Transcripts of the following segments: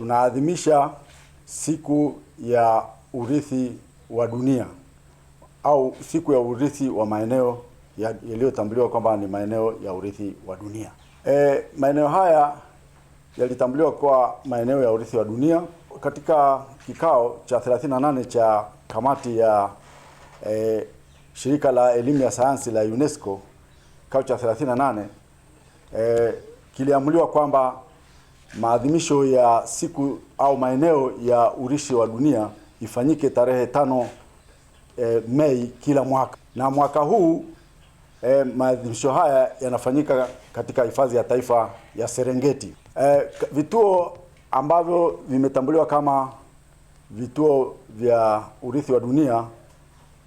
tunaadhimisha siku ya urithi wa dunia au siku ya urithi wa maeneo yaliyotambuliwa kwamba ni maeneo ya urithi wa dunia. E, maeneo haya yalitambuliwa kwa maeneo ya urithi wa dunia katika kikao cha 38 cha kamati ya e, shirika la elimu ya sayansi la UNESCO, kikao cha 38 e, kiliamuliwa kwamba maadhimisho ya siku au maeneo ya urithi wa dunia ifanyike tarehe tano e, eh, Mei kila mwaka, na mwaka huu e, maadhimisho haya yanafanyika katika hifadhi ya taifa ya Serengeti. E, vituo ambavyo vimetambuliwa kama vituo vya urithi wa dunia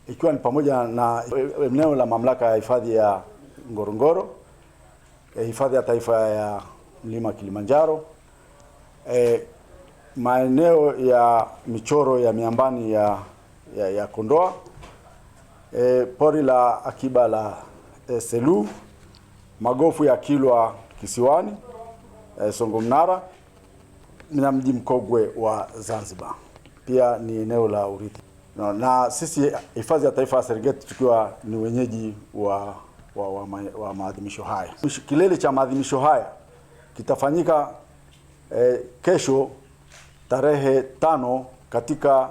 ikiwa ni pamoja na eneo la mamlaka ya hifadhi ya Ngorongoro, hifadhi ya taifa ya mlima Kilimanjaro eh, maeneo ya michoro ya miambani ya, ya, ya Kondoa eh, pori la akiba la eh, Selu, magofu ya Kilwa Kisiwani, eh, Songo Mnara na mji mkogwe wa Zanzibar pia ni eneo la urithi no, na sisi hifadhi ya taifa ya Serengeti tukiwa ni wenyeji wa, wa, wa, wa maadhimisho haya. Kilele cha maadhimisho haya kitafanyika e, kesho tarehe tano katika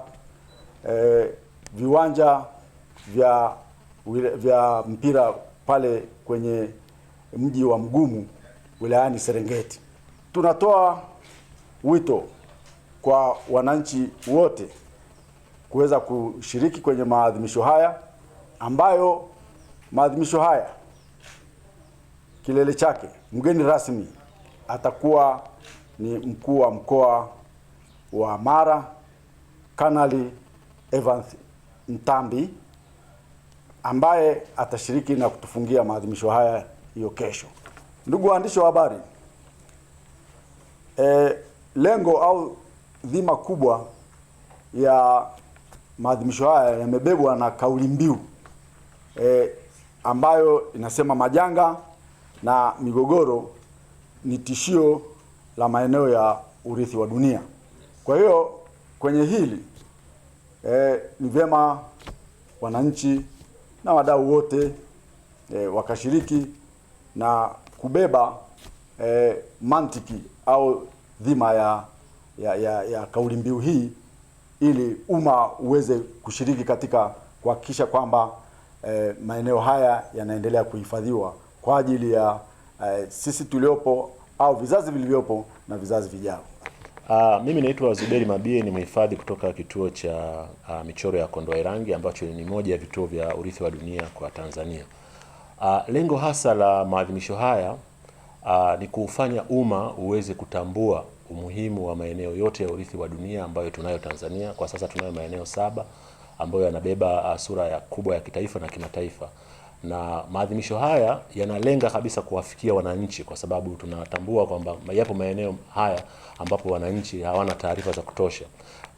e, viwanja vya vya mpira pale kwenye mji wa Mgumu wilayani Serengeti. Tunatoa wito kwa wananchi wote kuweza kushiriki kwenye maadhimisho haya ambayo maadhimisho haya kilele chake mgeni rasmi atakuwa ni mkuu wa mkoa wa Mara Kanali Evans Ntambi ambaye atashiriki na kutufungia maadhimisho haya hiyo kesho. Ndugu waandishi wa habari, e, lengo au dhima kubwa ya maadhimisho haya yamebebwa na kauli mbiu e, ambayo inasema majanga na migogoro ni tishio la maeneo ya urithi wa dunia. Kwa hiyo kwenye hili e, ni vyema wananchi na wadau wote e, wakashiriki na kubeba e, mantiki au dhima ya ya, ya, ya kauli mbiu hii ili umma uweze kushiriki katika kuhakikisha kwamba e, maeneo haya yanaendelea kuhifadhiwa kwa ajili ya e, sisi tuliopo au vizazi vilivyopo na vizazi vijao. Uh, ah, mimi naitwa Zuberi Mabie ni mhifadhi kutoka kituo cha uh, michoro ya Kondoa-Irangi ambacho ni moja ya vituo vya urithi wa dunia kwa Tanzania. Uh, lengo hasa la maadhimisho haya uh, ni kuufanya umma uweze kutambua umuhimu wa maeneo yote ya urithi wa dunia ambayo tunayo Tanzania. Kwa sasa tunayo maeneo saba ambayo yanabeba uh, sura ya kubwa ya kitaifa na kimataifa na maadhimisho haya yanalenga kabisa kuwafikia wananchi, kwa sababu tunatambua kwamba yapo maeneo haya ambapo wananchi hawana taarifa za kutosha,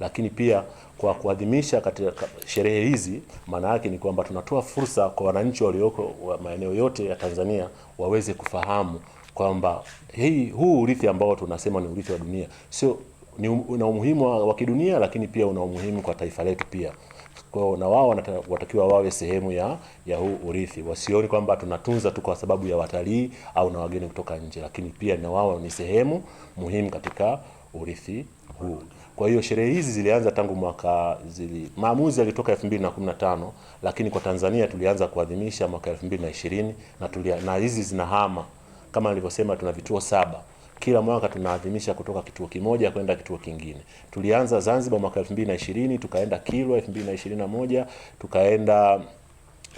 lakini pia kwa kuadhimisha katika sherehe hizi, maana yake ni kwamba tunatoa fursa kwa wananchi walioko wa maeneo yote ya Tanzania waweze kufahamu kwamba hii huu urithi ambao tunasema ni urithi wa dunia sio, ni una umuhimu wa kidunia, lakini pia una umuhimu kwa taifa letu pia kwao, na wao watakiwa wawe sehemu ya, ya huu urithi. Wasioni kwamba tunatunza tu kwa sababu ya watalii au na wageni kutoka nje, lakini pia na wao ni sehemu muhimu katika urithi huu. Kwa hiyo sherehe hizi zilianza tangu mwaka zili, maamuzi yalitoka 2015 lakini kwa Tanzania tulianza kuadhimisha mwaka 2020 na tulia, na hizi zinahama kama nilivyosema, tuna vituo saba kila mwaka tunaadhimisha kutoka kituo kimoja kwenda kituo kingine. Tulianza Zanzibar mwaka 2020 tukaenda Kilwa 2021 tukaenda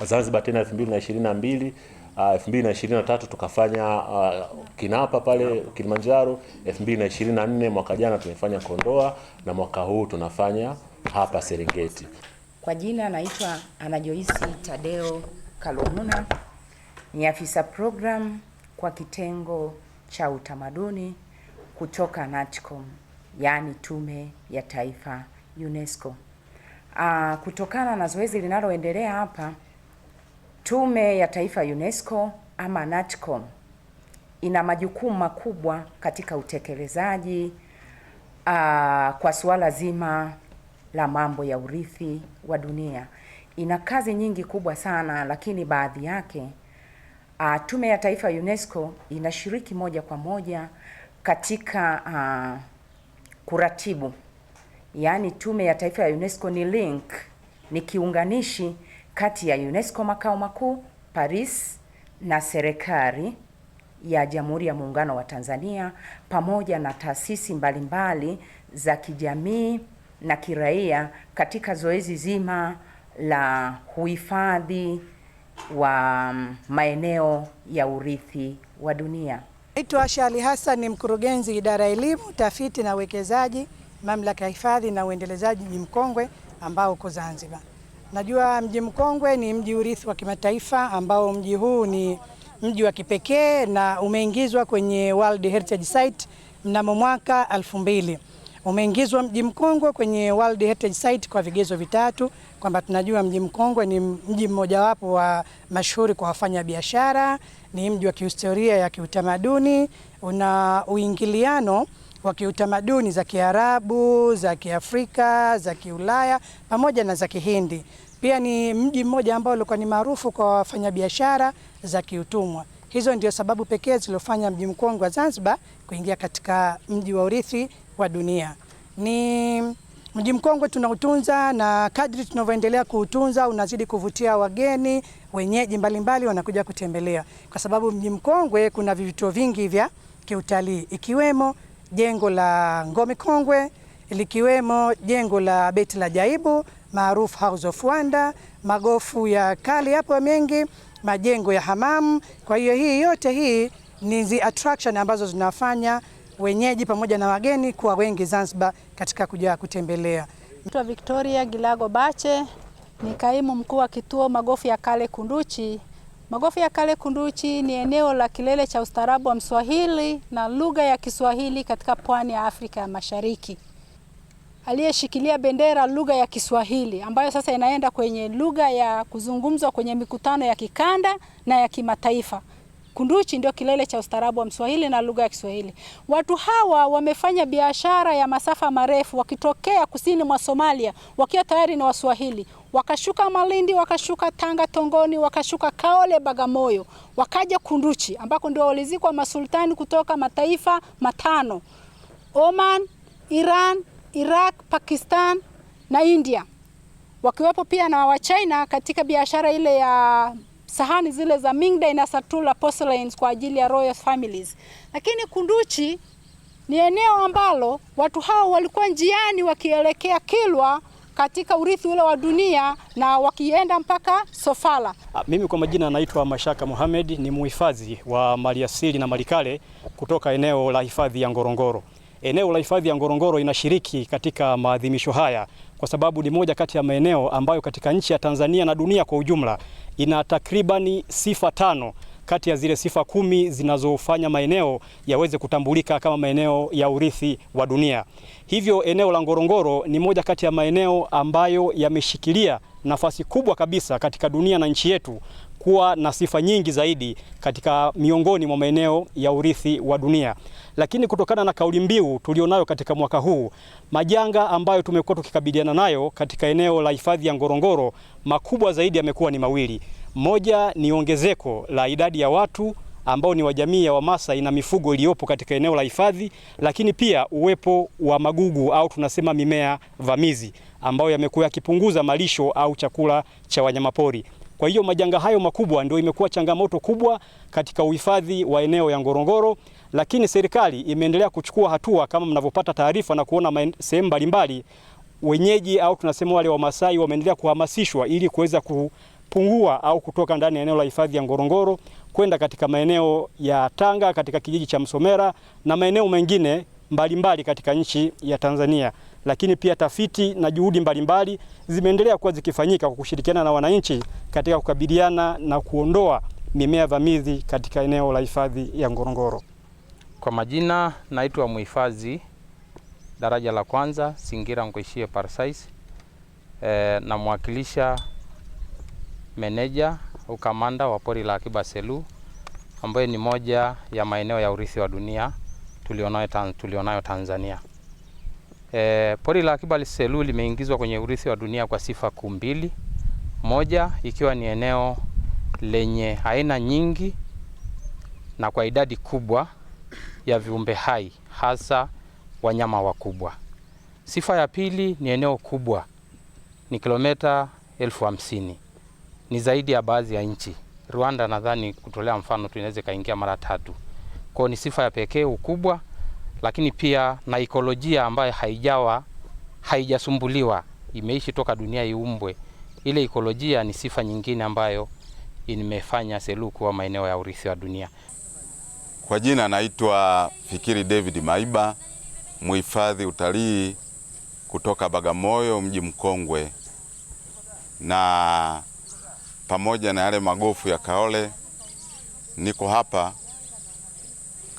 Zanzibar tena 2022 Uh, 2023 tukafanya uh, Kinapa pale Kilimanjaro. 2024 mwaka jana tumefanya Kondoa na mwaka huu tunafanya hapa Serengeti. Kwa jina naitwa Ana Joyce Tadeo Kalomuna, ni afisa program kwa kitengo cha utamaduni kutoka NATCOM, yaani Tume ya Taifa UNESCO. Aa, ah, kutokana na zoezi linaloendelea hapa, Tume ya Taifa UNESCO ama NATCOM ina majukumu makubwa katika utekelezaji aa, ah, kwa suala zima la mambo ya urithi wa dunia. Ina kazi nyingi kubwa sana, lakini baadhi yake uh, Tume ya Taifa ya UNESCO inashiriki moja kwa moja katika uh, kuratibu. Yaani, Tume ya Taifa ya UNESCO ni link, ni kiunganishi kati ya UNESCO makao makuu Paris na serikali ya Jamhuri ya Muungano wa Tanzania pamoja na taasisi mbalimbali za kijamii na kiraia katika zoezi zima la uhifadhi wa mm, maeneo ya urithi wa dunia. Naitwa shali Hassan, ni mkurugenzi idara ya elimu, tafiti na uwekezaji, mamlaka ya hifadhi na uendelezaji mji mkongwe ambao uko Zanzibar. Najua mji mkongwe ni mji urithi wa kimataifa ambao mji huu ni mji wa kipekee na umeingizwa kwenye World Heritage Site mnamo mwaka 2000 umeingizwa mji mkongwe kwenye World Heritage Site kwa vigezo vitatu, kwamba tunajua mji mkongwe ni mji mmojawapo wa mashuhuri kwa wafanya biashara, ni mji wa kihistoria ya kiutamaduni, una uingiliano wa kiutamaduni za Kiarabu, za Kiafrika, za Kiulaya pamoja na za Kihindi. Pia ni mji mmoja ambao ulikuwa ni maarufu kwa wafanyabiashara za kiutumwa. Hizo ndio sababu pekee zilizofanya mji mkongwe wa Zanzibar kuingia katika mji wa urithi wa dunia. Ni mji mkongwe tunautunza, na kadri tunavyoendelea kuutunza unazidi kuvutia wageni wenyeji mbalimbali wanakuja kutembelea, kwa sababu mji mkongwe kuna vivutio vingi vya kiutalii ikiwemo jengo la ngome kongwe likiwemo jengo la beti la jaibu maarufu House of Wonder, magofu ya kale yapo mengi, majengo ya hamamu. Kwa hiyo hii yote hii ni attraction ambazo zinafanya wenyeji pamoja na wageni kuwa wengi Zanzibar katika kuja kutembelea. Naitwa Victoria Gilago Bache, ni kaimu mkuu wa kituo magofu ya kale Kunduchi. Magofu ya kale Kunduchi ni eneo la kilele cha ustaarabu wa Mswahili na lugha ya Kiswahili katika pwani ya Afrika ya Mashariki. Aliyeshikilia bendera lugha ya Kiswahili ambayo sasa inaenda kwenye lugha ya kuzungumzwa kwenye mikutano ya kikanda na ya kimataifa. Kunduchi ndio kilele cha ustaarabu wa Mswahili na lugha ya Kiswahili. Watu hawa wamefanya biashara ya masafa marefu wakitokea kusini mwa Somalia wakiwa tayari ni Waswahili, wakashuka Malindi, wakashuka Tanga Tongoni, wakashuka Kaole Bagamoyo, wakaja Kunduchi ambako ndio walizikwa masultani kutoka mataifa matano: Oman, Iran, Iraq, Pakistan na India wakiwepo pia na Wachina katika biashara ile ya sahani zile za Mingdai na Satula porcelains kwa ajili ya royal families. Lakini Kunduchi ni eneo ambalo watu hao walikuwa njiani wakielekea Kilwa katika urithi ule wa dunia na wakienda mpaka Sofala. Ah, mimi kwa majina naitwa Mashaka Mohamed, ni muhifadhi wa maliasili na malikale kutoka eneo la hifadhi ya Ngorongoro. Eneo la hifadhi ya Ngorongoro inashiriki katika maadhimisho haya kwa sababu ni moja kati ya maeneo ambayo katika nchi ya Tanzania na dunia kwa ujumla ina takribani sifa tano kati ya zile sifa kumi zinazofanya maeneo yaweze kutambulika kama maeneo ya urithi wa dunia. Hivyo eneo la Ngorongoro ni moja kati ya maeneo ambayo yameshikilia nafasi kubwa kabisa katika dunia na nchi yetu kuwa na sifa nyingi zaidi katika miongoni mwa maeneo ya urithi wa dunia. Lakini kutokana na kauli mbiu tulionayo katika mwaka huu, majanga ambayo tumekuwa tukikabiliana nayo katika eneo la hifadhi ya Ngorongoro makubwa zaidi yamekuwa ni mawili. Moja ni ongezeko la idadi ya watu ambao ni wa jamii ya Wamasai na mifugo iliyopo katika eneo la hifadhi, lakini pia uwepo wa magugu au tunasema mimea vamizi ambayo yamekuwa yakipunguza malisho au chakula cha wanyamapori. Kwa hiyo majanga hayo makubwa ndio imekuwa changamoto kubwa katika uhifadhi wa eneo ya Ngorongoro, lakini serikali imeendelea kuchukua hatua kama mnavyopata taarifa na kuona sehemu mbalimbali, wenyeji au tunasema wale Wamasai wameendelea kuhamasishwa ili kuweza kupungua au kutoka ndani ya eneo la hifadhi ya Ngorongoro kwenda katika maeneo ya Tanga katika kijiji cha Msomera na maeneo mengine mbalimbali mbali katika nchi ya Tanzania lakini pia tafiti na juhudi mbalimbali zimeendelea kuwa zikifanyika kwa kushirikiana na wananchi katika kukabiliana na kuondoa mimea vamizi katika eneo la hifadhi ya Ngorongoro. Kwa majina naitwa mhifadhi daraja la kwanza Singira Ngoishie Parsais e, namwakilisha meneja au kamanda wa pori la Akiba selu ambayo ni moja ya maeneo ya urithi wa dunia tulionayo Tanzania. E, pori la akiba Liselu limeingizwa kwenye urithi wa dunia kwa sifa kuu mbili, moja ikiwa ni eneo lenye aina nyingi na kwa idadi kubwa ya viumbe hai hasa wanyama wakubwa. Sifa ya pili ni eneo kubwa, ni kilomita elfu hamsini, ni zaidi ya baadhi ya nchi. Rwanda nadhani kutolea mfano tunaweze ikaingia mara tatu. Kwao ni sifa ya pekee ukubwa lakini pia na ikolojia ambayo haijawa haijasumbuliwa, imeishi toka dunia iumbwe. Ile ikolojia ni sifa nyingine ambayo imefanya Selous kuwa maeneo ya urithi wa dunia. Kwa jina naitwa Fikiri David Maiba, mhifadhi utalii kutoka Bagamoyo, mji mkongwe, na pamoja na yale magofu ya Kaole, niko hapa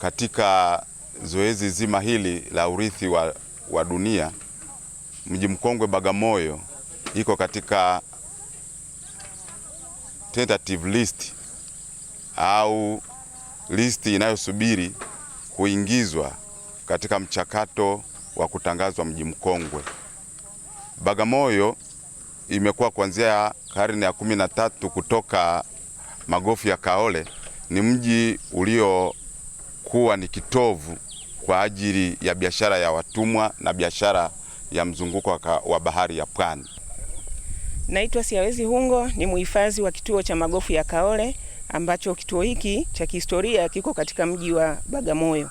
katika zoezi zima hili la urithi wa, wa dunia, mji mkongwe Bagamoyo iko katika tentative list au listi inayosubiri kuingizwa katika mchakato wa kutangazwa mji mkongwe. Bagamoyo imekuwa kuanzia karne ya kumi na tatu kutoka magofu ya Kaole ni mji uliokuwa ni kitovu kwa ajili ya biashara ya watumwa na biashara ya mzunguko wa bahari ya Pwani. Naitwa Siawezi Hungo, ni mhifadhi wa kituo cha magofu ya Kaole ambacho kituo hiki cha kihistoria kiko katika mji wa Bagamoyo.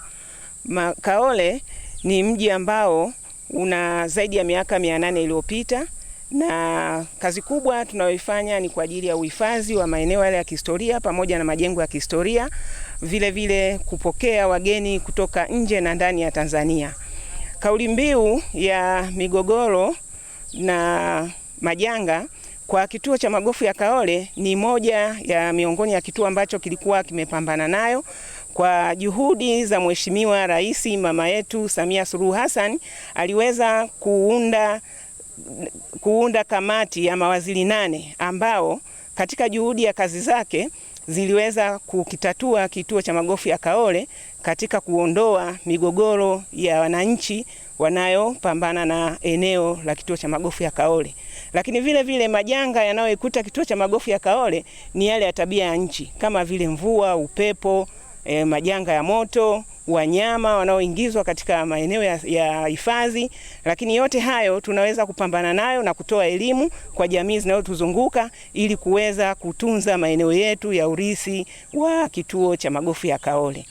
Ma, Kaole ni mji ambao una zaidi ya miaka mia nane iliyopita na kazi kubwa tunayoifanya ni kwa ajili ya uhifadhi wa maeneo yale ya kihistoria pamoja na majengo ya kihistoria, vile vile kupokea wageni kutoka nje na ndani ya Tanzania. Kauli mbiu ya migogoro na majanga kwa kituo cha magofu ya Kaole ni moja ya miongoni ya kituo ambacho kilikuwa kimepambana nayo kwa juhudi za Mheshimiwa Rais mama yetu Samia Suluhu Hassan aliweza kuunda kuunda kamati ya mawaziri nane ambao katika juhudi ya kazi zake ziliweza kukitatua kituo cha magofu ya Kaole katika kuondoa migogoro ya wananchi wanayopambana na eneo la kituo cha magofu ya Kaole. Lakini vile vile majanga yanayoikuta kituo cha magofu ya Kaole ni yale ya tabia ya nchi kama vile mvua, upepo, eh, majanga ya moto wanyama wanaoingizwa katika maeneo ya hifadhi, lakini yote hayo tunaweza kupambana nayo na kutoa elimu kwa jamii zinazotuzunguka ili kuweza kutunza maeneo yetu ya urithi wa kituo cha magofu ya Kaole.